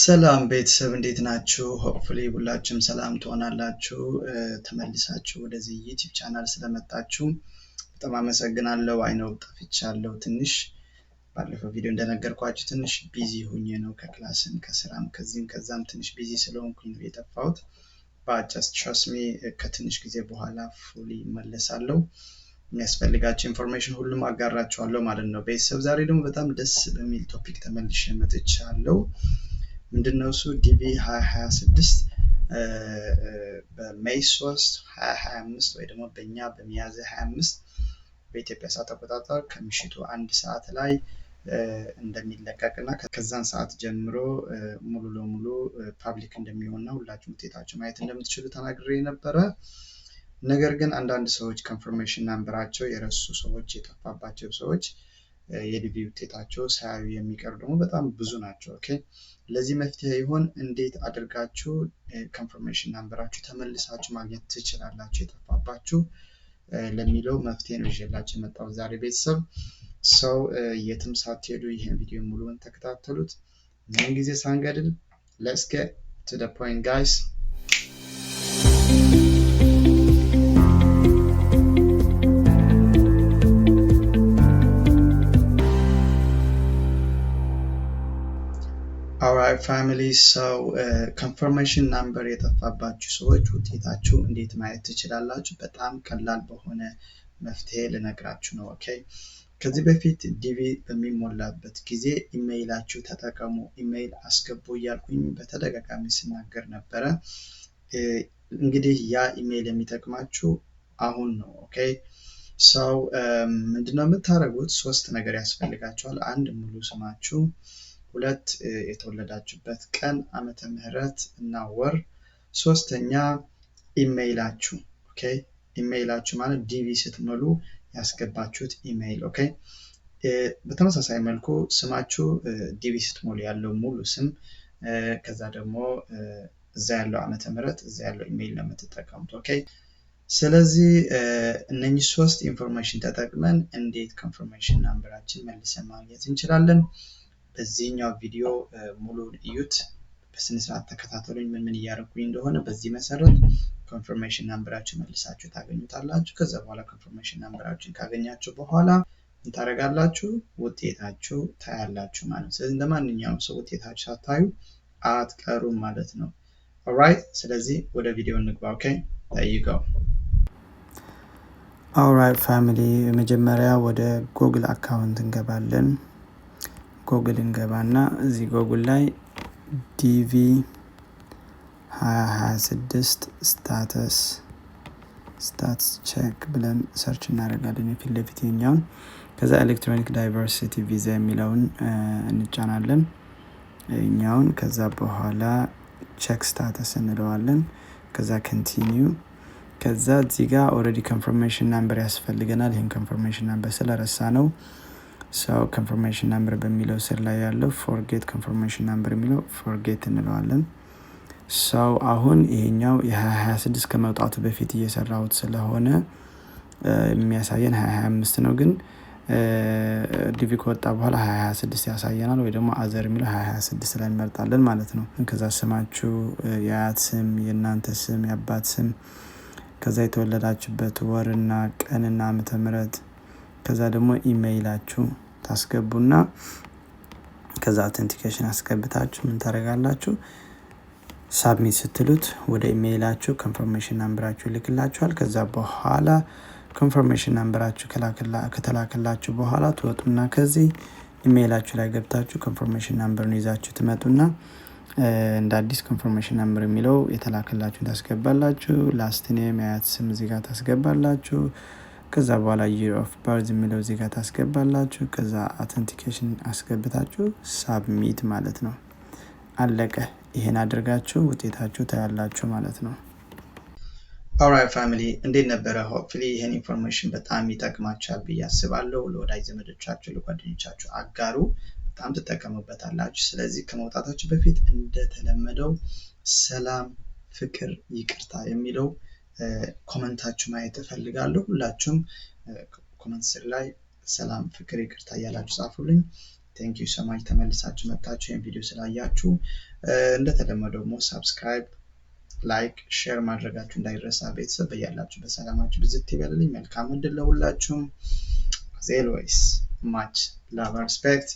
ሰላም ቤተሰብ እንዴት ናችሁ? ሆፕፉሊ ሁላችሁም ሰላም ትሆናላችሁ። ተመልሳችሁ ወደዚህ ዩቲብ ቻናል ስለመጣችሁ በጣም አመሰግናለሁ። አይነው ጠፍቻለሁ። ትንሽ ባለፈው ቪዲዮ እንደነገርኳችሁ ትንሽ ቢዚ ሁኜ ነው ከክላስም ከስራም ከዚህም ከዛም ትንሽ ቢዚ ስለሆንኩኝ ነው የጠፋሁት። በአጃስት ትራስሚ ከትንሽ ጊዜ በኋላ ፉሊ ይመለሳለሁ። የሚያስፈልጋቸው ኢንፎርሜሽን ሁሉም አጋራችኋለሁ ማለት ነው። ቤተሰብ ዛሬ ደግሞ በጣም ደስ በሚል ቶፒክ ተመልሼ መጥቻለሁ። ምንድነው እሱ ዲቪ 2026 በሜይ 3 2025 ወይ ደግሞ በእኛ በሚያዝያ 25 በኢትዮጵያ ሰዓት አቆጣጠር ከምሽቱ አንድ ሰዓት ላይ እንደሚለቀቅ እና ከዛን ሰዓት ጀምሮ ሙሉ ለሙሉ ፓብሊክ እንደሚሆን ነው ሁላችሁም ውጤታቸው ማየት እንደምትችሉ ተናግሬ ነበረ። ነገር ግን አንዳንድ ሰዎች ኮንፍርሜሽን ናምበራቸው የረሱ ሰዎች፣ የጠፋባቸው ሰዎች የዲቪ ውጤታቸው ሳያዩ የሚቀሩ ደግሞ በጣም ብዙ ናቸው። ኦኬ ለዚህ መፍትሄ ይሆን እንዴት አድርጋችሁ ኮንፈርሜሽን ናምበራችሁ ተመልሳችሁ ማግኘት ትችላላችሁ የጠፋባችሁ ለሚለው መፍትሄ ነው ይዤላችሁ የመጣው ዛሬ ቤተሰብ ሰው የትም ሳትሄዱ ይህን ቪዲዮ ሙሉውን ተከታተሉት። ምን ጊዜ ሳንገድል ለስገ ቱ ፖይንት ጋይስ አውራይት ፋሚሊ ሰው ኮንፈርሜሽን ናምበር የጠፋባችሁ ሰዎች ውጤታችሁ እንዴት ማየት ትችላላችሁ? በጣም ቀላል በሆነ መፍትሄ ልነግራችሁ ነው። ኦኬ ከዚህ በፊት ዲቪ በሚሞላበት ጊዜ ኢሜይላችሁ ተጠቀሙ፣ ኢሜይል አስገቡ እያልኩኝ በተደጋጋሚ ስናገር ነበረ። እንግዲህ ያ ኢሜይል የሚጠቅማችሁ አሁን ነው። ኦኬ ሰው ምንድነው የምታደርጉት? ሶስት ነገር ያስፈልጋችኋል። አንድ ሙሉ ስማችሁ ሁለት የተወለዳችሁበት ቀን፣ ዓመተ ምህረት እና ወር። ሶስተኛ ኢሜይላችሁ ኦኬ። ኢሜይላችሁ ማለት ዲቪ ስትሞሉ ያስገባችሁት ኢሜይል ኦኬ። በተመሳሳይ መልኩ ስማችሁ ዲቪ ስትሞሉ ያለው ሙሉ ስም ከዛ ደግሞ እዛ ያለው ዓመተ ምህረት እዛ ያለው ኢሜይል ነው የምትጠቀሙት ኦኬ። ስለዚህ እነኚህ ሶስት ኢንፎርሜሽን ተጠቅመን እንዴት ኮንፈርሜሽን ናምበራችን መልሰን ማግኘት እንችላለን? በዚህኛው ቪዲዮ ሙሉን እዩት፣ በስነስርዓት ተከታተሉኝ። ምን ምን እያደረኩኝ እንደሆነ በዚህ መሰረት ኮንፈርሜሽን ናምበራችሁ መልሳችሁ ታገኙታላችሁ። ከዛ በኋላ ኮንፈርሜሽን ናምበራችሁን ካገኛችሁ በኋላ ታደርጋላችሁ ውጤታችሁ ታያላችሁ ማለት ነው። ስለዚህ እንደ ማንኛውም ሰው ውጤታችሁ ሳታዩ አትቀሩም ማለት ነው። ኦራይት ስለዚህ ወደ ቪዲዮ እንግባ። ኦኬ ጠይቀው። ኦራይት ፋሚሊ መጀመሪያ ወደ ጉግል አካውንት እንገባለን። ጎግል እንገባና እዚህ ጎግል ላይ ዲቪ 2026 ስታተስ ስታትስ ቼክ ብለን ሰርች እናደርጋለን የፊት ለፊት ይኛውን ከዛ ኤሌክትሮኒክ ዳይቨርሲቲ ቪዛ የሚለውን እንጫናለን እኛውን ከዛ በኋላ ቼክ ስታተስ እንለዋለን ከዛ ኮንቲኒዩ ከዛ እዚህ ጋር ኦረዲ ኮንፈርሜሽን ናምበር ያስፈልገናል ይህን ኮንፈርሜሽን ናምበር ስለረሳ ነው ሰው ኮንፎርሜሽን ናምበር በሚለው ስር ላይ ያለው ፎርጌት ኮንፎርሜሽን ናምበር የሚለው ፎርጌት እንለዋለን። ሰው አሁን ይሄኛው የ2026 ከመውጣቱ በፊት እየሰራሁት ስለሆነ የሚያሳየን 2025 ነው፣ ግን ዲቪ ከወጣ በኋላ 2026 ያሳየናል። ወይ ደግሞ አዘር የሚለው 2026 ላይ እንመርጣለን ማለት ነው። ከዛ ስማችሁ የአያት ስም፣ የእናንተ ስም፣ የአባት ስም፣ ከዛ የተወለዳችበት ወርና ቀንና ዓመተ ምሕረት ከዛ ደግሞ ኢሜይላችሁ ታስገቡና ከዛ አውተንቲኬሽን አስገብታችሁ ምን ታደረጋላችሁ ሳብሚት ስትሉት ወደ ኢሜይላችሁ ኮንፈርሜሽን ናምበራችሁ ይልክላችኋል ከዛ በኋላ ኮንፈርሜሽን ናምበራችሁ ከተላከላችሁ በኋላ ትወጡና ከዚህ ኢሜይላችሁ ላይ ገብታችሁ ኮንፈርሜሽን ነው ይዛችሁ ትመጡና እንደ አዲስ ኮንፈርሜሽን ናምበር የሚለው የተላከላችሁን ታስገባላችሁ ላስት ኔም አያት ስም እዚጋ ታስገባላችሁ ከዛ በኋላ የር ኦፍ ባርዝ የሚለው ዜጋ ታስገባላችሁ። ከዛ አውተንቲኬሽን አስገብታችሁ ሳብሚት ማለት ነው። አለቀ። ይሄን አድርጋችሁ ውጤታችሁ ታያላችሁ ማለት ነው። ኦራይት ፋሚሊ እንዴት ነበረ? ሆፕፍሊ ይህን ኢንፎርሜሽን በጣም ይጠቅማችኋል ብዬ አስባለሁ። ለወዳጅ ዘመዶቻችሁ፣ ለጓደኞቻችሁ አጋሩ። በጣም ትጠቀሙበታላችሁ። ስለዚህ ከመውጣታችሁ በፊት እንደተለመደው ሰላም፣ ፍቅር፣ ይቅርታ የሚለው ኮመንታችሁ ማየት እፈልጋለሁ። ሁላችሁም ኮመንት ስር ላይ ሰላም፣ ፍቅር፣ ይቅርታ እያላችሁ ጻፉልኝ። ዩ ሰማች ተመልሳችሁ መጣችሁ ይህን ቪዲዮ ስላያችሁ። እንደተለመደው ደግሞ ሳብስክራይብ፣ ላይክ፣ ሼር ማድረጋችሁ እንዳይረሳ። ቤተሰብ እያላችሁ በሰላማችሁ ብዝት ይበልልኝ። መልካም እድል ለሁላችሁም። ዜልወይስ ማች ላቭ ሪስፔክት